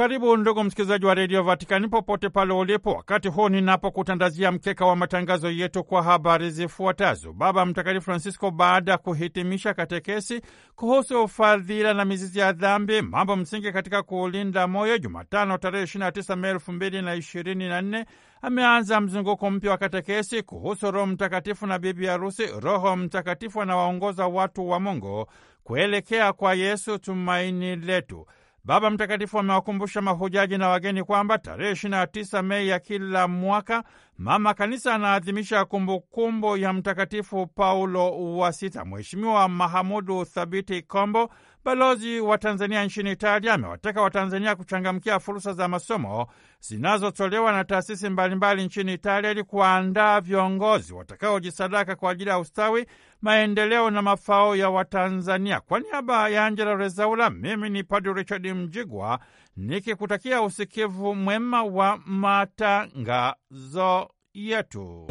Karibu ndugu msikilizaji wa redio Vatikani popote pale ulipo, wakati huu ninapokutandazia mkeka wa matangazo yetu kwa habari zifuatazo. Baba Mtakatifu Francisco, baada ya kuhitimisha katekesi kuhusu ufadhila na mizizi ya dhambi, mambo msingi katika kuulinda moyo, Jumatano tarehe 29 Mei 2024, ameanza mzunguko mpya wa katekesi kuhusu Roho Mtakatifu na bibi harusi. Roho Mtakatifu anawaongoza watu wa Mungu kuelekea kwa Yesu, tumaini letu. Baba Mtakatifu amewakumbusha mahujaji na wageni kwamba tarehe 29 Mei ya kila mwaka Mama Kanisa anaadhimisha kumbukumbu ya Mtakatifu Paulo wa Sita. Mheshimiwa Mahamudu Thabiti Kombo, balozi wa Tanzania nchini Italia, amewataka Watanzania kuchangamkia fursa za masomo zinazotolewa na taasisi mbalimbali nchini Italia ili kuandaa viongozi watakaojisadaka kwa ajili ya ustawi, maendeleo na mafao ya Watanzania. Kwa niaba ya Angela Rezaula, mimi ni Padre Richard Mjigwa nikikutakia usikivu mwema wa matangazo yetu.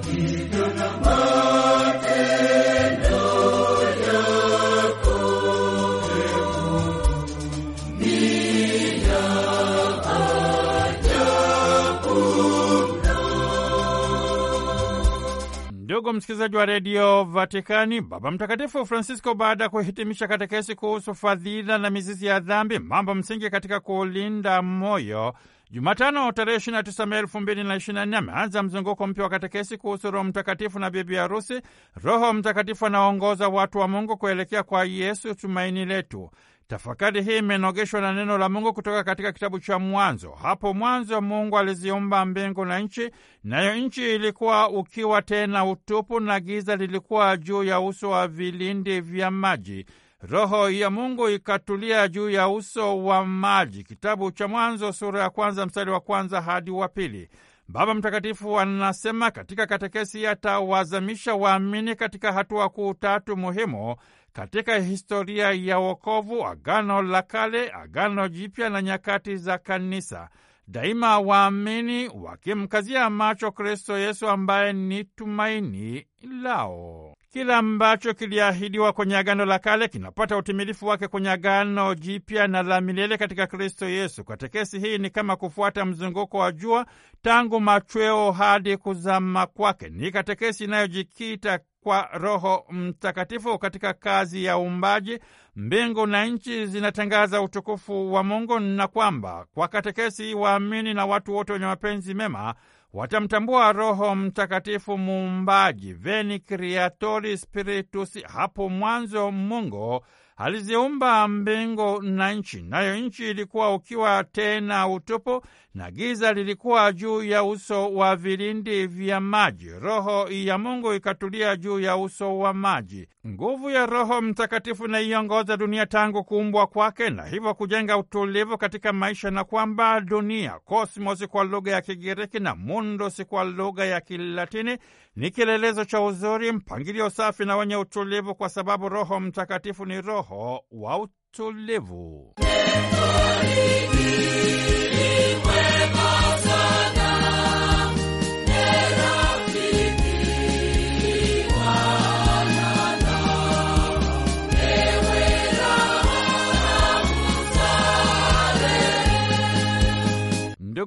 Ndugu msikilizaji wa redio Vatikani, Baba Mtakatifu Francisco, baada ya kuhitimisha katekesi kuhusu fadhila na mizizi ya dhambi, mambo msingi katika kulinda moyo, Jumatano tarehe 29 Mei 2024 ameanza mzunguko mpya wa katekesi kuhusu Roho Mtakatifu na bibi harusi. Roho Mtakatifu anaongoza watu wa Mungu kuelekea kwa Yesu, tumaini letu. Tafakari hii imenogeshwa na neno la Mungu kutoka katika kitabu cha Mwanzo. Hapo mwanzo Mungu aliziumba mbingu na nchi, nayo nchi ilikuwa ukiwa tena utupu, na giza lilikuwa juu ya uso wa vilindi vya maji. Roho ya Mungu ikatulia juu ya uso wa maji. Kitabu cha Mwanzo sura ya kwanza mstari wa kwanza hadi wa pili. Baba Mtakatifu anasema katika katekesi, yatawazamisha waamini katika hatua kuu tatu muhimu katika historia ya wokovu, Agano la Kale, Agano Jipya na nyakati za Kanisa. Daima waamini wakimkazia macho Kristo Yesu ambaye ni tumaini lao. Kila ambacho kiliahidiwa kwenye Agano la Kale kinapata utimilifu wake kwenye Agano Jipya na la milele katika Kristo Yesu. Katekesi hii ni kama kufuata mzunguko wa jua tangu machweo hadi kuzama kwake. Ni katekesi inayojikita kwa Roho Mtakatifu katika kazi ya uumbaji. Mbingu na nchi zinatangaza utukufu wa Mungu, na kwamba kwa katekesi waamini na watu wote wenye mapenzi mema watamtambua Roho Mtakatifu muumbaji, veni creatori spiritus. Hapo mwanzo Mungu aliziumba mbingu na nchi, nayo nchi ilikuwa ukiwa tena utupu, na giza lilikuwa juu ya uso wa vilindi vya maji. Roho ya Mungu ikatulia juu ya uso wa maji. Nguvu ya Roho Mtakatifu inaiongoza dunia tangu kuumbwa kwake, na hivyo kujenga utulivu katika maisha, na kwamba dunia, kosmosi kwa lugha ya Kigiriki na mundusi kwa lugha ya Kilatini, ni kielelezo cha uzuri, mpangilio safi na wenye utulivu, kwa sababu Roho Mtakatifu ni roho wa utulivu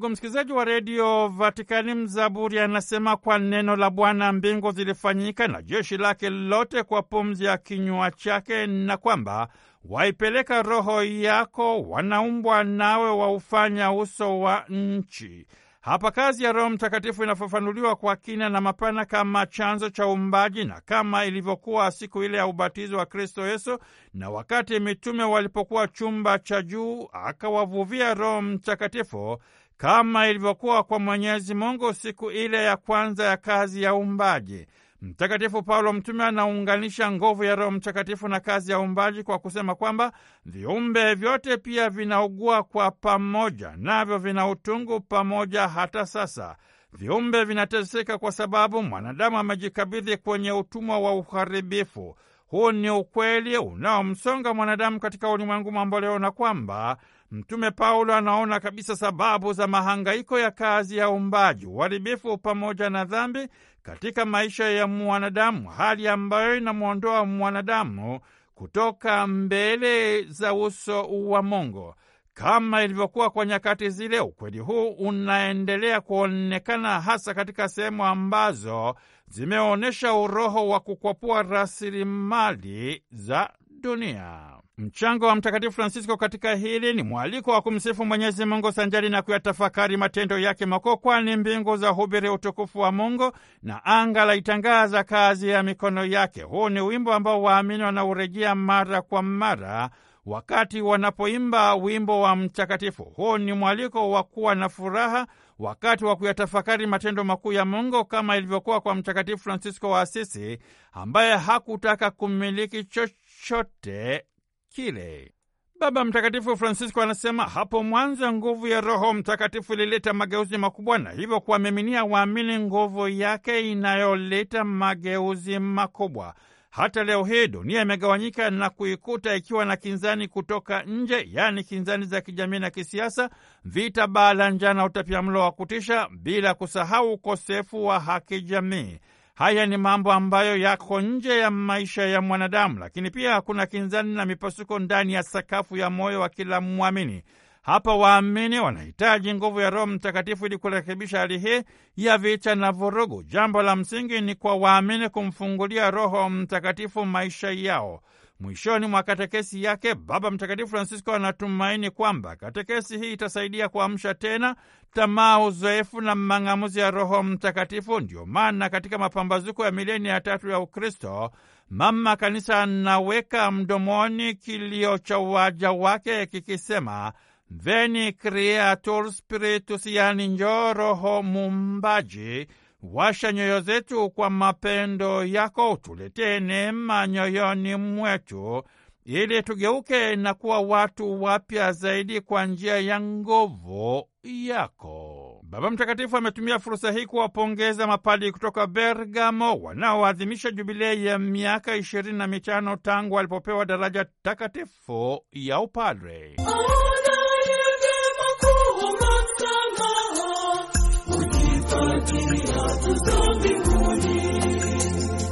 Ndugu msikilizaji wa redio Vatikani, mzaburi anasema, kwa neno la Bwana mbingu zilifanyika na jeshi lake lote kwa pumzi ya kinywa chake, na kwamba waipeleka roho yako, wanaumbwa nawe, waufanya uso wa nchi. Hapa kazi ya Roho Mtakatifu inafafanuliwa kwa kina na mapana kama chanzo cha uumbaji na kama ilivyokuwa siku ile ya ubatizo wa Kristo Yesu, na wakati mitume walipokuwa chumba cha juu, akawavuvia Roho Mtakatifu kama ilivyokuwa kwa Mwenyezi Mungu siku ile ya kwanza ya kazi ya uumbaji. Mtakatifu Paulo mtume anaunganisha nguvu ya Roho Mtakatifu na kazi ya uumbaji kwa kusema kwamba viumbe vyote pia vinaugua kwa pamoja, navyo vina utungu pamoja hata sasa. Viumbe vinateseka kwa sababu mwanadamu amejikabidhi kwenye utumwa wa uharibifu. Huu ni ukweli unaomsonga mwanadamu katika ulimwengu mamboleo, na kwamba Mtume Paulo anaona kabisa sababu za mahangaiko ya kazi ya umbaji uharibifu pamoja na dhambi katika maisha ya mwanadamu, hali ambayo inamwondoa mwanadamu kutoka mbele za uso wa Mungu. Kama ilivyokuwa kwa nyakati zile, ukweli huu unaendelea kuonekana hasa katika sehemu ambazo zimeonyesha uroho wa kukwapua rasilimali za dunia. Mchango wa Mtakatifu Francisco katika hili ni mwaliko wa kumsifu Mwenyezi Mungu sanjari na kuyatafakari matendo yake makuu, kwani mbingu za hubiri utukufu wa Mungu na anga la itangaza kazi ya mikono yake. Huu ni wimbo ambao waamini wanaurejea mara kwa mara wakati wanapoimba wimbo wa mtakatifu. Huu ni mwaliko wa kuwa na furaha wakati wa kuyatafakari matendo makuu ya Mungu kama ilivyokuwa kwa Mtakatifu Fransisko wa Asisi ambaye hakutaka kumiliki chochote chochote kile. Baba Mtakatifu Francisco anasema hapo mwanzo nguvu ya Roho Mtakatifu ilileta mageuzi makubwa, na hivyo kuwamiminia waamini nguvu yake inayoleta mageuzi makubwa. Hata leo hii dunia imegawanyika na kuikuta ikiwa na kinzani kutoka nje, yaani kinzani za kijamii na kisiasa, vita, baa la njaa na utapiamlo wa kutisha, bila kusahau ukosefu wa haki jamii. Haya ni mambo ambayo yako nje ya maisha ya mwanadamu, lakini pia hakuna kinzani na mipasuko ndani ya sakafu ya moyo wa kila mwamini. Hapa waamini wanahitaji nguvu ya Roho Mtakatifu ili kurekebisha hali hii ya vita na vurugu. Jambo la msingi ni kwa waamini kumfungulia Roho Mtakatifu maisha yao. Mwishoni mwa katekesi yake Baba Mtakatifu Francisco anatumaini kwamba katekesi hii itasaidia kuamsha tena tamaa, uzoefu na mang'amuzi ya Roho Mtakatifu. Ndiyo maana katika mapambazuko ya mileni ya tatu ya Ukristo, Mama Kanisa anaweka mdomoni kilio cha uwaja wake kikisema, Veni Creator Spiritus, yani njoo Roho Muumbaji, washa nyoyo zetu kwa mapendo yako, utuletee neema nyoyoni mwetu ili tugeuke na kuwa watu wapya zaidi kwa njia ya nguvu yako. Baba Mtakatifu ametumia fursa hii kuwapongeza mapadi kutoka Bergamo wanaoadhimisha jubilei ya miaka ishirini na mitano tangu alipopewa daraja takatifu ya upadre.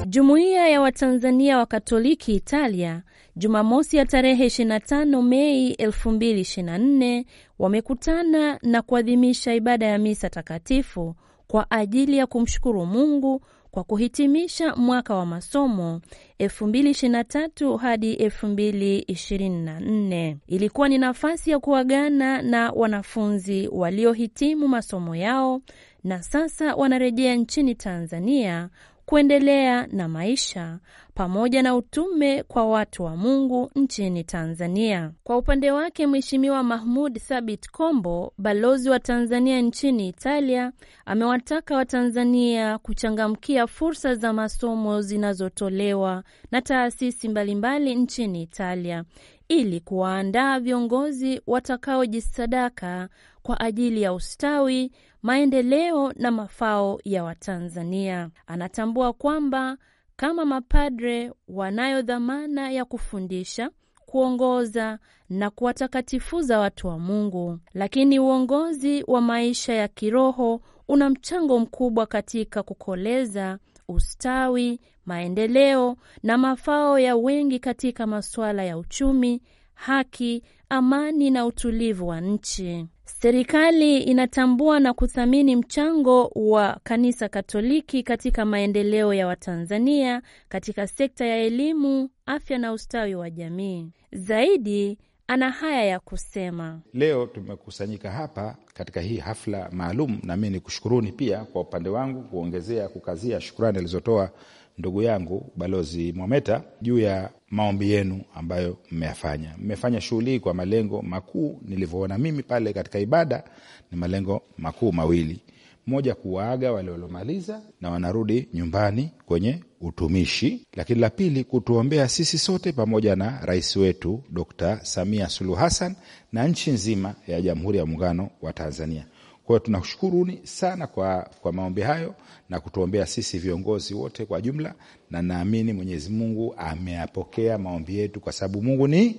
Jumuiya ya Watanzania wa Katoliki Italia Jumamosi ya tarehe 25 Mei 2024 wamekutana na kuadhimisha ibada ya misa takatifu kwa ajili ya kumshukuru Mungu kwa kuhitimisha mwaka wa masomo 2023 hadi 2024. Ilikuwa ni nafasi ya kuagana na wanafunzi waliohitimu masomo yao na sasa wanarejea nchini Tanzania kuendelea na maisha pamoja na utume kwa watu wa Mungu nchini Tanzania. Kwa upande wake, Mheshimiwa Mahmud Thabit Kombo, balozi wa Tanzania nchini Italia, amewataka Watanzania kuchangamkia fursa za masomo zinazotolewa na taasisi mbalimbali nchini Italia ili kuwaandaa viongozi watakaojisadaka kwa ajili ya ustawi maendeleo na mafao ya Watanzania. Anatambua kwamba kama mapadre wanayo dhamana ya kufundisha, kuongoza na kuwatakatifuza watu wa Mungu, lakini uongozi wa maisha ya kiroho una mchango mkubwa katika kukoleza ustawi, maendeleo na mafao ya wengi katika masuala ya uchumi, haki, amani na utulivu wa nchi. Serikali inatambua na kuthamini mchango wa Kanisa Katoliki katika maendeleo ya Watanzania katika sekta ya elimu, afya na ustawi wa jamii. Zaidi ana haya ya kusema. Leo tumekusanyika hapa katika hii hafla maalum, mii ni kushukuruni pia kwa upande wangu kuongezea, kukazia shukurani alizotoa ndugu yangu Balozi Mwameta juu ya maombi yenu ambayo mmeyafanya. Mmefanya shughuli hii kwa malengo makuu, nilivyoona mimi pale katika ibada, ni malengo makuu mawili: moja, kuwaaga wale waliomaliza na wanarudi nyumbani kwenye utumishi, lakini la pili, kutuombea sisi sote pamoja na rais wetu Dr. Samia Suluhu Hassan na nchi nzima ya Jamhuri ya Muungano wa Tanzania. Kwa hiyo tunashukuruni sana kwa, kwa maombi hayo na kutuombea sisi viongozi wote kwa jumla, na naamini Mwenyezi Mungu ameyapokea maombi yetu kwa sababu Mungu ni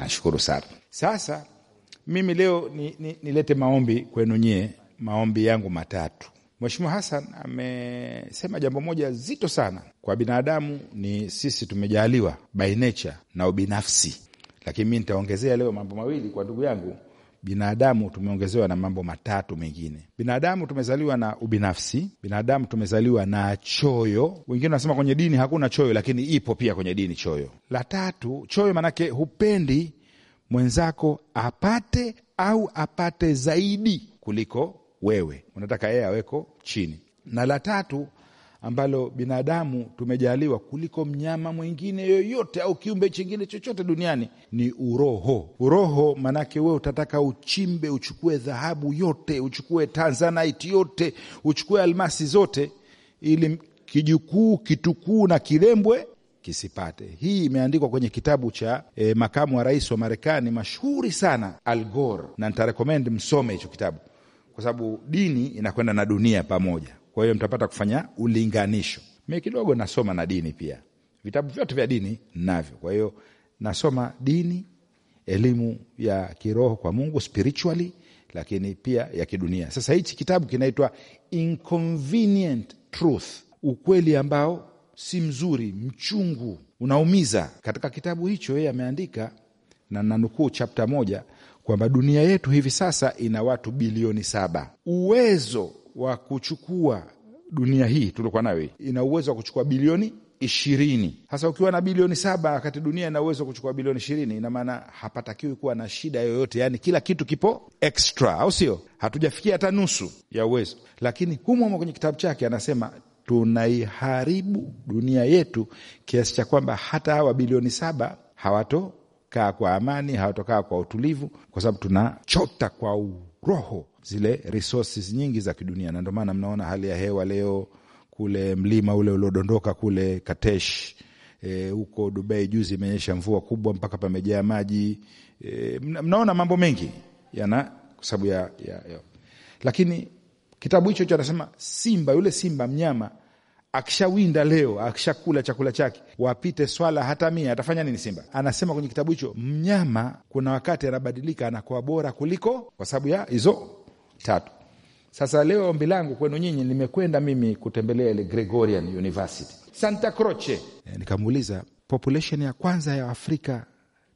nashukuru sana. Sasa mimi leo ni, ni, nilete maombi kwenu nyie, maombi yangu matatu. Mheshimiwa Hassan amesema jambo moja zito sana kwa binadamu, ni sisi tumejaliwa by nature na ubinafsi, lakini mi nitaongezea leo mambo mawili kwa ndugu yangu binadamu tumeongezewa na mambo matatu mengine. Binadamu tumezaliwa na ubinafsi, binadamu tumezaliwa na choyo. Wengine wanasema kwenye dini hakuna choyo, lakini ipo pia kwenye dini choyo. La tatu, choyo maanake hupendi mwenzako apate au apate zaidi kuliko wewe, unataka yeye aweko chini. Na la tatu ambalo binadamu tumejaliwa kuliko mnyama mwingine yoyote au kiumbe chingine chochote duniani ni uroho. Uroho maanake wewe utataka uchimbe, uchukue dhahabu yote, uchukue tanzanite yote, uchukue almasi zote, ili kijukuu, kitukuu na kilembwe kisipate. Hii imeandikwa kwenye kitabu cha e, makamu wa rais wa Marekani mashuhuri sana Al Gore, na ntarekomend msome hicho kitabu kwa sababu dini inakwenda na dunia pamoja. Kwa hiyo mtapata kufanya ulinganisho. Mi kidogo nasoma na dini pia, vitabu vyote vya dini navyo. Kwa hiyo nasoma dini, elimu ya kiroho kwa Mungu spiritually, lakini pia ya kidunia. Sasa hichi kitabu kinaitwa Inconvenient Truth, ukweli ambao si mzuri, mchungu, unaumiza. Katika kitabu hicho yeye ameandika na nanukuu chapta moja kwamba dunia yetu hivi sasa ina watu bilioni saba. Uwezo wa kuchukua dunia hii tuliokuwa nayo ina uwezo wa kuchukua bilioni ishirini. Sasa ukiwa na bilioni saba wakati dunia ina uwezo wa kuchukua bilioni ishirini, ina maana hapatakiwi kuwa na shida yoyote, yaani kila kitu kipo extra, au sio? Hatujafikia hata nusu ya uwezo, lakini humwamo kwenye kitabu chake anasema tunaiharibu dunia yetu kiasi cha kwamba hata hawa bilioni saba hawatokaa kwa amani, hawatokaa kwa utulivu, kwa sababu tunachota kwa uroho zile resources nyingi za kidunia, na ndio maana mnaona hali ya hewa leo kule mlima ule uliodondoka kule Katesh e, huko e, Dubai juzi imeonyesha mvua kubwa mpaka pamejaa maji e, mnaona mambo mengi yana kwa sababu ya, ya, ya, lakini kitabu hicho anasema simba, yule simba mnyama akishawinda leo, akishakula chakula chake, wapite swala hata mia, atafanya nini simba? Anasema kwenye kitabu hicho, mnyama kuna wakati anabadilika, anakuwa bora kuliko, kwa sababu ya hizo tatu. Sasa leo ombi langu kwenu nyinyi, nimekwenda mimi kutembelea ile Gregorian University Santa Croce. Eh, nikamuuliza population ya kwanza ya Afrika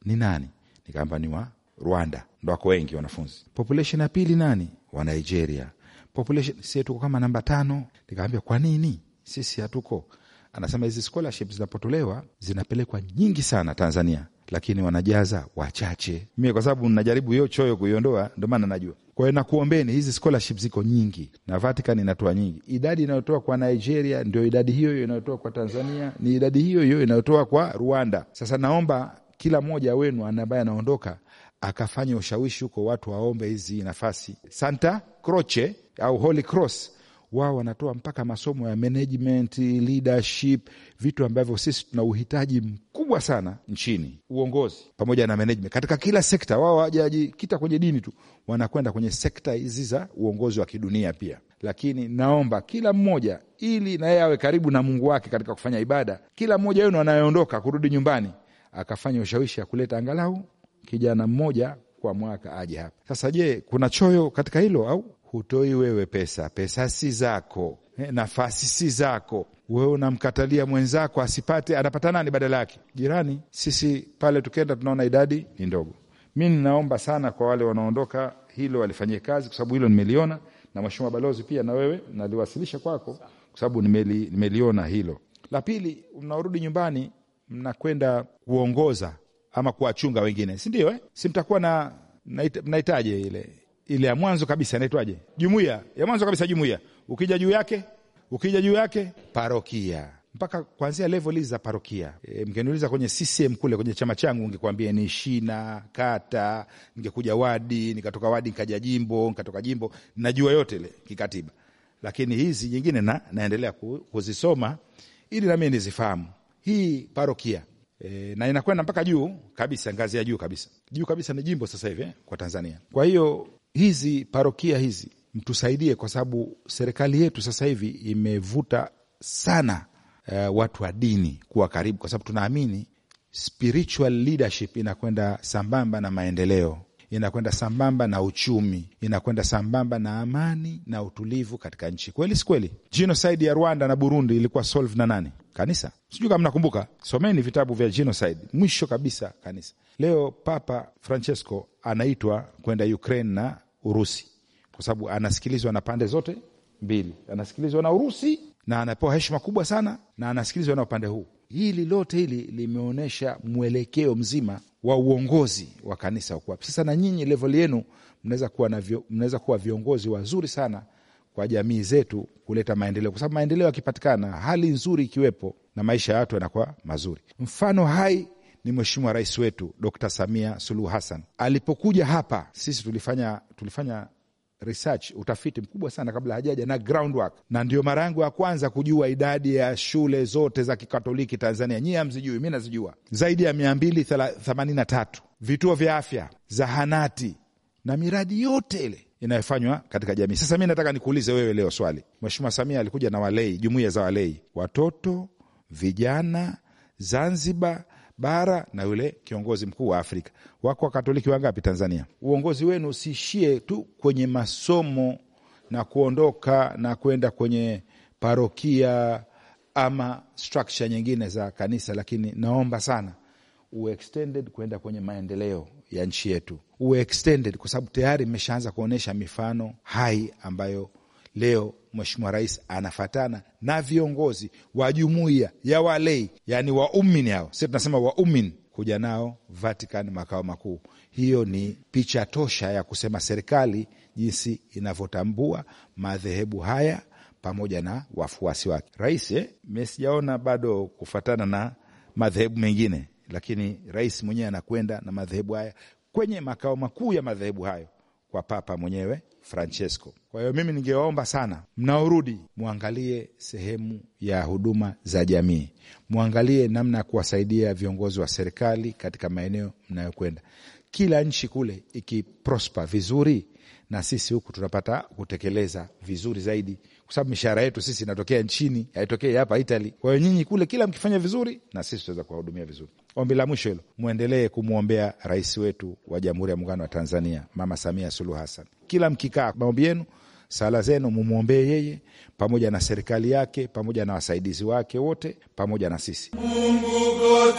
ni nani? Nikaamba ni wa Rwanda, ndo wako wengi wanafunzi. Population ya pili nani? Wa Nigeria. Population si tuko kama namba tano. Nikaambia kwa nini sisi hatuko? Anasema hizi scholarship zinapotolewa zinapelekwa nyingi sana Tanzania, lakini wanajaza wachache. Mie kwa sababu najaribu hiyo choyo kuiondoa, ndo maana najua kwa hiyo nakuombeni, hizi scholarship ziko nyingi na Vatican inatoa nyingi. Idadi inayotoa kwa Nigeria ndio idadi hiyo hiyo inayotoa kwa Tanzania, ni idadi hiyo hiyo inayotoa kwa Rwanda. Sasa naomba kila mmoja wenu ambaye anaondoka akafanya ushawishi huko, watu waombe hizi nafasi. Santa Croce au Holy Cross wao wanatoa mpaka masomo ya management, leadership, vitu ambavyo sisi tuna uhitaji mkubwa sana nchini, uongozi pamoja na management katika kila sekta. Wao hawajajikita kwenye dini tu, wanakwenda kwenye sekta hizi za uongozi wa kidunia pia. Lakini naomba kila mmoja, ili na yeye awe karibu na Mungu wake katika kufanya ibada, kila mmoja wenu anayeondoka kurudi nyumbani akafanya ushawishi ya kuleta angalau kijana mmoja kwa mwaka aje hapa. Sasa je, kuna choyo katika hilo au hutoi wewe pesa, pesa si zako, eh, nafasi si zako, wewe unamkatalia mwenzako asipate, anapata nani badala yake? Jirani. Sisi pale tukienda tunaona idadi ni ndogo. Mi ninaomba sana kwa wale wanaondoka, hilo walifanyie kazi, kwa sababu hilo nimeliona, na mheshimiwa balozi pia na wewe naliwasilisha kwako, kwa sababu nimeli, nimeliona hilo. La pili, mnaorudi nyumbani mnakwenda kuongoza ama kuwachunga wengine, si ndio eh? si mtakuwa na mnahitaji ile ile ya mwanzo kabisa inaitwaje? Jumuiya ya mwanzo kabisa, jumuiya. Ukija juu yake, ukija juu yake, parokia mpaka kuanzia level hizi za parokia. E, mkiniuliza kwenye CCM kule kwenye chama changu ningekwambia ni shina, kata, ningekuja wadi, nikatoka wadi nikaja jimbo, nikatoka jimbo, najua yote ile kikatiba. Lakini hizi nyingine na, naendelea kuzisoma ili nami nizifahamu. Hii parokia e, na inakwenda mpaka juu kabisa, ngazi ya juu kabisa. Juu kabisa ni jimbo sasa hivi eh, kwa Tanzania. Kwa hiyo hizi parokia hizi mtusaidie, kwa sababu serikali yetu sasa hivi imevuta sana uh, watu wa dini kuwa karibu, kwa sababu tunaamini spiritual leadership inakwenda sambamba na maendeleo, inakwenda sambamba na uchumi, inakwenda sambamba na amani na utulivu katika nchi. Kweli si kweli? Genocide ya Rwanda na Burundi ilikuwa solved na nani? Kanisa. Sijui kama mnakumbuka, someni vitabu vya genocide, mwisho kabisa kanisa. Leo Papa Francesco anaitwa kwenda Ukraine na Urusi, kwa sababu anasikilizwa na pande zote mbili, anasikilizwa na Urusi na anapewa heshima kubwa sana, na anasikilizwa na upande huu. Hili lote hili limeonyesha mwelekeo mzima wa uongozi wa kanisa huko. Sasa na nyinyi level yenu mnaweza kuwa na mnaweza kuwa viongozi wazuri sana kwa jamii zetu kuleta maendeleo, kwa sababu maendeleo yakipatikana, hali nzuri ikiwepo, na maisha ya watu yanakuwa mazuri. Mfano hai ni Mheshimiwa Rais wetu Dr. Samia Suluhu Hassan. Alipokuja hapa sisi tulifanya, tulifanya research utafiti mkubwa sana kabla hajaja na groundwork, na ndio mara yangu ya kwanza kujua idadi ya shule zote za Kikatoliki Tanzania. Nyie hamzijui, mi nazijua zaidi ya 283 vituo vya afya, zahanati na miradi yote ile inayofanywa katika jamii. Sasa mi nataka nikuulize wewe leo swali. Mheshimiwa Samia alikuja na walei, jumuiya za walei, watoto vijana Zanzibar bara na yule kiongozi mkuu wa Afrika. Wako wakatoliki wangapi Tanzania? Uongozi wenu usiishie tu kwenye masomo na kuondoka na kwenda kwenye parokia ama structure nyingine za kanisa, lakini naomba sana uwe kwenda kwenye maendeleo ya nchi yetu, uwe kwa sababu tayari mmeshaanza kuonyesha mifano hai ambayo Leo Mheshimiwa Rais anafatana na viongozi wa jumuiya ya walei, yani waumini hao, sisi tunasema waumini kuja nao Vatican makao makuu. Hiyo ni picha tosha ya kusema serikali jinsi inavyotambua madhehebu haya pamoja na wafuasi wake. Rais eh, mesijaona bado kufatana na madhehebu mengine, lakini rais mwenyewe anakwenda na madhehebu haya kwenye makao makuu ya madhehebu hayo kwa Papa mwenyewe Francesco. Kwa hiyo mimi ningewaomba sana, mnaorudi mwangalie sehemu ya huduma za jamii, mwangalie namna ya kuwasaidia viongozi wa serikali katika maeneo mnayokwenda. Kila nchi kule ikiprosper vizuri, na sisi huku tunapata kutekeleza vizuri zaidi, kwa sababu mishahara yetu sisi inatokea nchini, haitokei hapa Italy. Kwa hiyo nyinyi kule, kila mkifanya vizuri, na sisi tunaweza kuwahudumia vizuri. Ombi la mwisho hilo, mwendelee kumwombea rais wetu wa Jamhuri ya Muungano wa Tanzania, Mama Samia Suluhu Hassan. Kila mkikaa, maombi yenu, sala zenu, mumwombee yeye pamoja na serikali yake pamoja na wasaidizi wake wote pamoja na sisi Mungu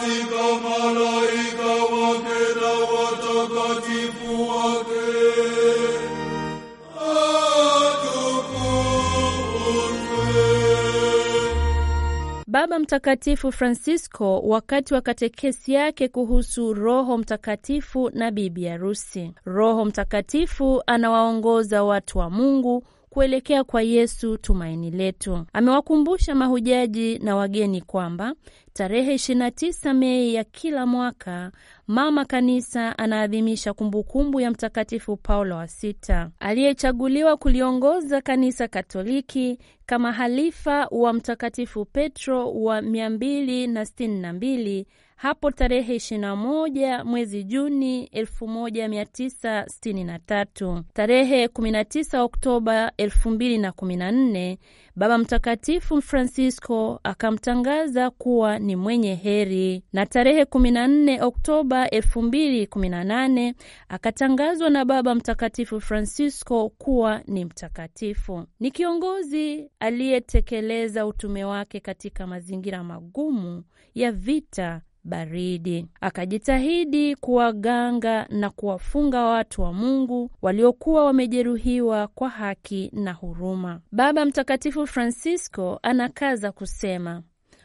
Baba Mtakatifu Francisco wakati wa katekesi yake kuhusu Roho Mtakatifu na bibi harusi. Roho Mtakatifu anawaongoza watu wa Mungu kuelekea kwa Yesu tumaini letu. Amewakumbusha mahujaji na wageni kwamba Tarehe 29 Mei ya kila mwaka Mama Kanisa anaadhimisha kumbukumbu ya Mtakatifu Paulo wa Sita aliyechaguliwa kuliongoza Kanisa Katoliki kama halifa wa Mtakatifu Petro wa 262 hapo tarehe 21 mwezi Juni 1963. Tarehe 19 Oktoba 2014 Baba Mtakatifu Francisco akamtangaza kuwa ni mwenye heri. Na tarehe 14 Oktoba 2018 akatangazwa na Baba Mtakatifu Francisco kuwa ni mtakatifu. Ni kiongozi aliyetekeleza utume wake katika mazingira magumu ya vita baridi akajitahidi kuwaganga na kuwafunga watu wa Mungu waliokuwa wamejeruhiwa kwa haki na huruma. Baba Mtakatifu Francisco anakaza kusema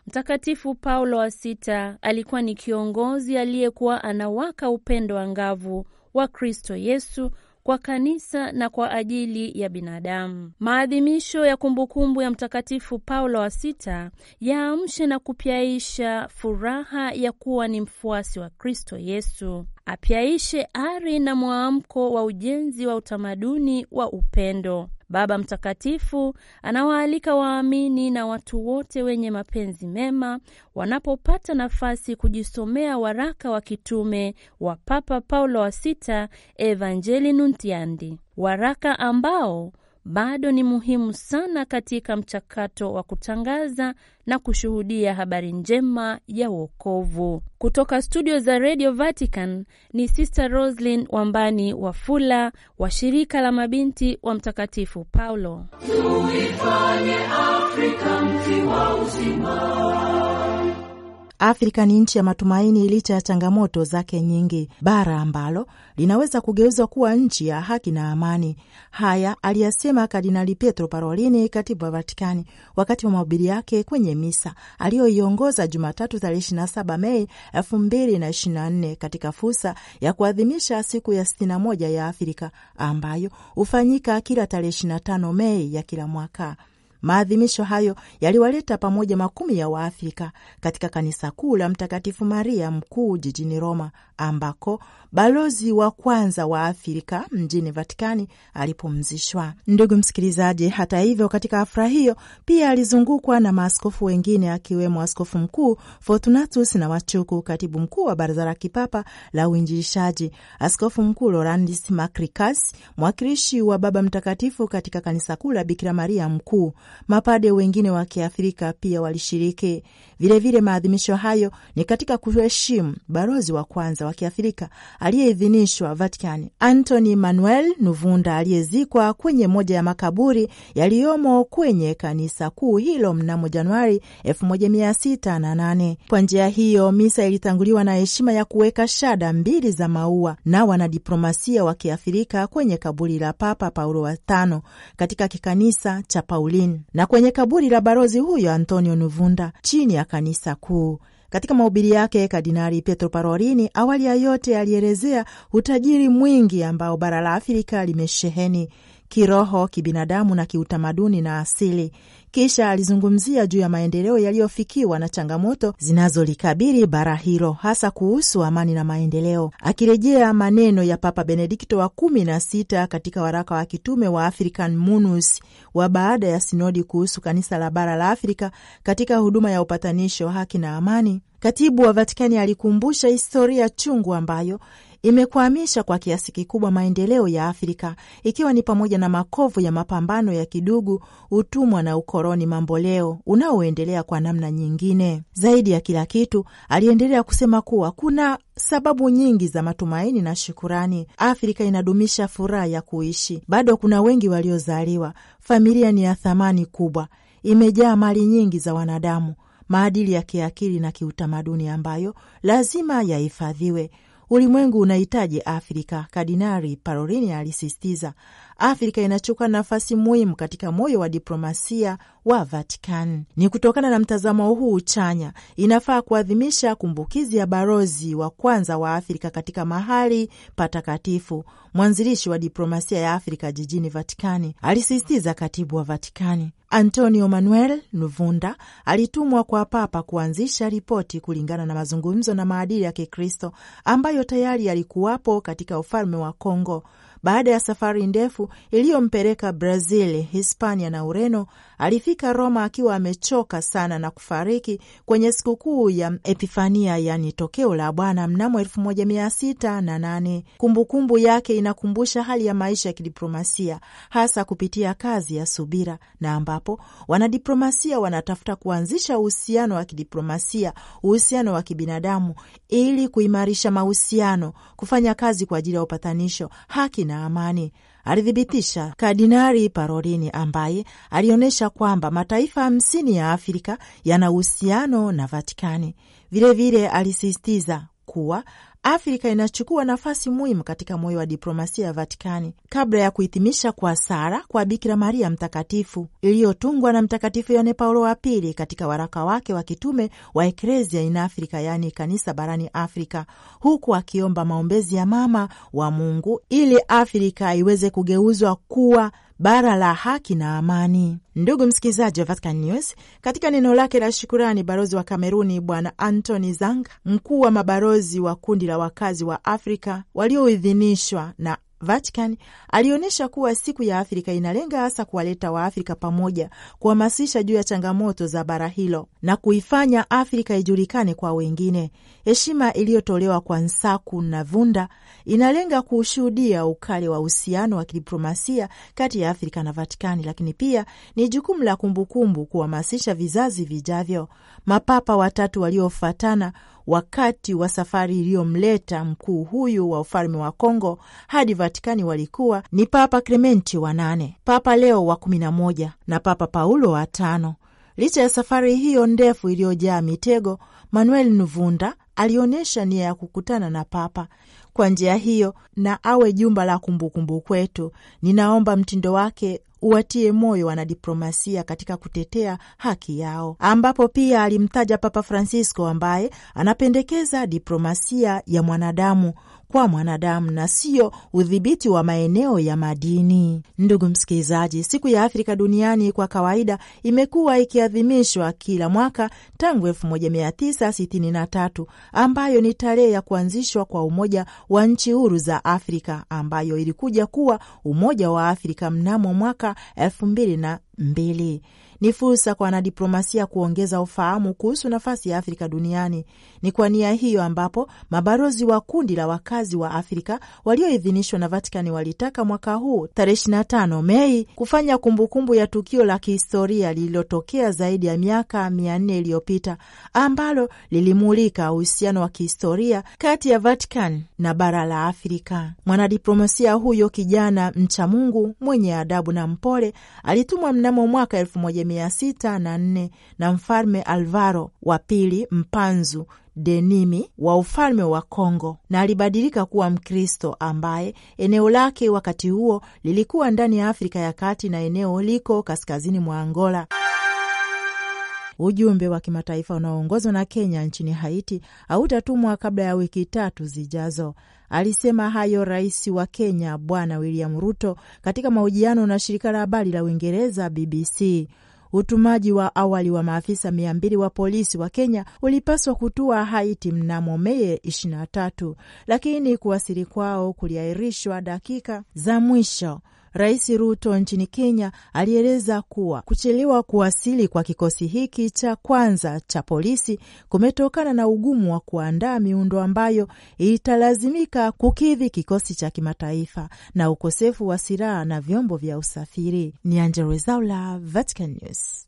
Mtakatifu Paulo wa Sita alikuwa ni kiongozi aliyekuwa anawaka upendo angavu wa Kristo Yesu kwa kanisa na kwa ajili ya binadamu. Maadhimisho ya kumbukumbu ya Mtakatifu Paulo wa Sita yaamshe na kupyaisha furaha ya kuwa ni mfuasi wa Kristo Yesu, apyaishe ari na mwamko wa ujenzi wa utamaduni wa upendo. Baba Mtakatifu anawaalika waamini na watu wote wenye mapenzi mema wanapopata nafasi kujisomea waraka wa kitume wa Papa Paulo wa Sita, evangeli Nuntiandi, waraka ambao bado ni muhimu sana katika mchakato wa kutangaza na kushuhudia habari njema ya wokovu. Kutoka studio za Radio Vatican ni Sister roslin Wambani Wafula wa shirika la mabinti wa Mtakatifu Paulo. Tuifanye Afrika mti wa uzima. Afrika ni nchi ya matumaini licha ya changamoto zake nyingi, bara ambalo linaweza kugeuzwa kuwa nchi ya haki na amani. Haya aliyasema Kardinali Pietro Parolini, katibu wa Vatikani, wakati wa mahubiri yake kwenye misa aliyoiongoza Jumatatu tarehe 27 Mei 2024 katika fursa ya kuadhimisha siku ya 61 ya Afrika ambayo hufanyika kila tarehe 25 Mei ya kila mwaka. Maadhimisho hayo yaliwaleta pamoja makumi ya Waafrika katika kanisa kuu la Mtakatifu Maria Mkuu jijini Roma, ambako balozi wa kwanza wa Afrika mjini Vatikani alipumzishwa. Ndugu msikilizaji, hata hivyo, katika afra hiyo pia alizungukwa na maaskofu wengine akiwemo Askofu Mkuu Fortunatus na Wachuku, katibu mkuu wa Baraza la Kipapa la Uinjilishaji, Askofu Mkuu lorandis Macricas, mwakilishi wa Baba Mtakatifu katika kanisa kuu la Bikira Maria Mkuu Mapade wengine wa Kiafrika pia walishiriki vilevile maadhimisho hayo. Ni katika kuheshimu balozi wa kwanza wa Kiafrika aliyeidhinishwa Vatican, Antony Manuel Nuvunda, aliyezikwa kwenye moja ya makaburi yaliyomo kwenye kanisa kuu hilo mnamo Januari 1608. Kwa njia hiyo, misa ilitanguliwa na heshima ya kuweka shada mbili za maua na wanadiplomasia wa Kiafrika kwenye kaburi la Papa Paulo wa tano katika kikanisa cha Pauline na kwenye kaburi la balozi huyo Antonio Nuvunda chini ya kanisa kuu. Katika mahubiri yake Kardinali Pietro Parolini awali ya yote alielezea utajiri mwingi ambao bara la Afrika limesheheni kiroho, kibinadamu na kiutamaduni na asili kisha alizungumzia juu ya maendeleo yaliyofikiwa na changamoto zinazolikabili bara hilo, hasa kuhusu amani na maendeleo, akirejea maneno ya Papa Benedikto wa kumi na sita katika waraka wa kitume wa African Munus wa baada ya sinodi kuhusu kanisa la bara la Afrika katika huduma ya upatanisho, haki na amani. Katibu wa Vatikani alikumbusha historia chungu ambayo imekwamisha kwa kiasi kikubwa maendeleo ya Afrika, ikiwa ni pamoja na makovu ya mapambano ya kidugu, utumwa na ukoloni mamboleo unaoendelea kwa namna nyingine. Zaidi ya kila kitu, aliendelea kusema kuwa kuna sababu nyingi za matumaini na shukurani. Afrika inadumisha furaha ya kuishi, bado kuna wengi waliozaliwa. Familia ni ya thamani kubwa, imejaa mali nyingi za wanadamu, maadili ya kiakili na kiutamaduni ambayo lazima yahifadhiwe ulimwengu unahitaji Afrika, kardinari Parolin alisisitiza, Afrika inachukua nafasi muhimu katika moyo wa diplomasia wa Vatican. Ni kutokana na mtazamo huu chanya, inafaa kuadhimisha kumbukizi ya barozi wa kwanza wa Afrika katika mahali patakatifu, mwanzilishi wa diplomasia ya Afrika jijini Vatikani, alisisitiza katibu wa Vatikani. Antonio Manuel Nuvunda alitumwa kwa Papa kuanzisha ripoti kulingana na mazungumzo na maadili ya Kikristo ambayo tayari yalikuwapo katika ufalme wa Kongo baada ya safari ndefu iliyompeleka Brazili, Hispania na Ureno, alifika Roma akiwa amechoka sana na kufariki kwenye sikukuu ya Epifania, yani tokeo la Bwana, mnamo elfu Kumbukumbu yake inakumbusha hali ya maisha ya kidiplomasia, hasa kupitia kazi ya subira, na ambapo wanadiplomasia wanatafuta kuanzisha uhusiano wa kidiplomasia, uhusiano wa kibinadamu, ili kuimarisha mahusiano, kufanya kazi kwa ajili ya upatanisho, haki na amani, alithibitisha Kardinari Parolini, ambaye alionyesha kwamba mataifa hamsini ya Afrika yana uhusiano na Vatikani. Vilevile alisisitiza kuwa Afrika inachukua nafasi muhimu katika moyo wa diplomasia ya Vatikani kabla ya kuhitimisha kwa sara kwa Bikira Maria Mtakatifu iliyotungwa na Mtakatifu Yohane Paulo wa Pili katika waraka wake wa kitume wa Ekresia in Africa, yaani kanisa barani Afrika, huku akiomba maombezi ya mama wa Mungu ili Afrika iweze kugeuzwa kuwa bara la haki na amani. Ndugu msikilizaji wa Vatican News, katika neno lake la shukurani, balozi wa Kameruni Bwana Antony Zang, mkuu wa mabalozi wa kundi la wakazi wa Afrika walioidhinishwa na Vatican alionyesha kuwa siku ya Afrika inalenga hasa kuwaleta Waafrika pamoja, kuhamasisha juu ya changamoto za bara hilo na kuifanya Afrika ijulikane kwa wengine. Heshima iliyotolewa kwa Nsaku na Vunda inalenga kuushuhudia ukali wa uhusiano wa kidiplomasia kati ya Afrika na Vatikani, lakini pia ni jukumu la kumbukumbu kuhamasisha vizazi vijavyo. Mapapa watatu waliofuatana wakati wa safari iliyomleta mkuu huyu wa ufalme wa Kongo hadi Vatikani walikuwa ni Papa Klementi wa nane, Papa Leo wa kumi na moja na Papa Paulo wa tano. Licha ya safari hiyo ndefu iliyojaa mitego, Manuel Nuvunda alionyesha nia ya kukutana na Papa kwa njia hiyo, na awe jumba la kumbukumbu kwetu. Ninaomba mtindo wake uwatie moyo wanadiplomasia katika kutetea haki yao, ambapo pia alimtaja Papa Francisco ambaye anapendekeza diplomasia ya mwanadamu kwa mwanadamu na siyo udhibiti wa maeneo ya madini. Ndugu msikilizaji, siku ya Afrika duniani kwa kawaida imekuwa ikiadhimishwa kila mwaka tangu 1963 ambayo ni tarehe ya kuanzishwa kwa Umoja wa Nchi Huru za Afrika ambayo ilikuja kuwa Umoja wa Afrika mnamo mwaka elfu mbili na mbili. Ni fursa kwa wanadiplomasia kuongeza ufahamu kuhusu nafasi ya Afrika duniani. Ni kwa nia hiyo ambapo mabalozi wa kundi la wakazi wa Afrika walioidhinishwa na Vatikani walitaka mwaka huu tarehe 25 Mei kufanya kumbukumbu ya tukio la kihistoria lililotokea zaidi ya miaka 400 iliyopita ambalo lilimulika uhusiano wa kihistoria kati ya Vatican na bara la Afrika. Mwanadiplomasia huyo kijana mcha Mungu mwenye adabu na mpole alitumwa mnamo mwaka moja mia sita na nne na mfalme Alvaro wa pili Mpanzu Denimi wa ufalme wa Kongo na alibadilika kuwa Mkristo ambaye eneo lake wakati huo lilikuwa ndani ya Afrika ya Kati na eneo liko kaskazini mwa Angola. Ujumbe wa kimataifa unaoongozwa na Kenya nchini Haiti hautatumwa kabla ya wiki tatu zijazo. Alisema hayo rais wa Kenya Bwana William Ruto katika mahojiano na shirika la habari la Uingereza BBC. Utumaji wa awali wa maafisa mia mbili wa polisi wa Kenya ulipaswa kutua Haiti mnamo Mei tatu lakini kuwasili kwao kuliahirishwa dakika za mwisho Rais Ruto nchini Kenya alieleza kuwa kuchelewa kuwasili kwa kikosi hiki cha kwanza cha polisi kumetokana na ugumu wa kuandaa miundo ambayo italazimika kukidhi kikosi cha kimataifa na ukosefu wa silaha na vyombo vya usafiri. Ni Angella Rwezaula, Vatican News.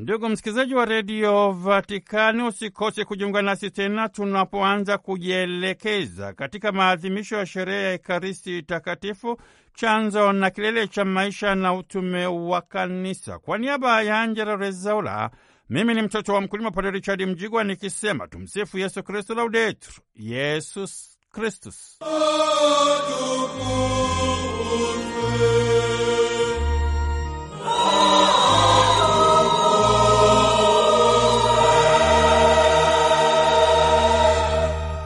Ndugu msikilizaji wa redio Vatikani, usikose kujiunga nasi tena tunapoanza kujielekeza katika maadhimisho ya sherehe ya Ekaristi Takatifu, chanzo na kilele cha maisha na utume wa Kanisa. Kwa niaba ya Angela Rezaula, mimi ni mtoto wa mkulima Padre Richard Mjigwa nikisema tumsifu Yesu Kristu, Laudetur Yesus Kristus.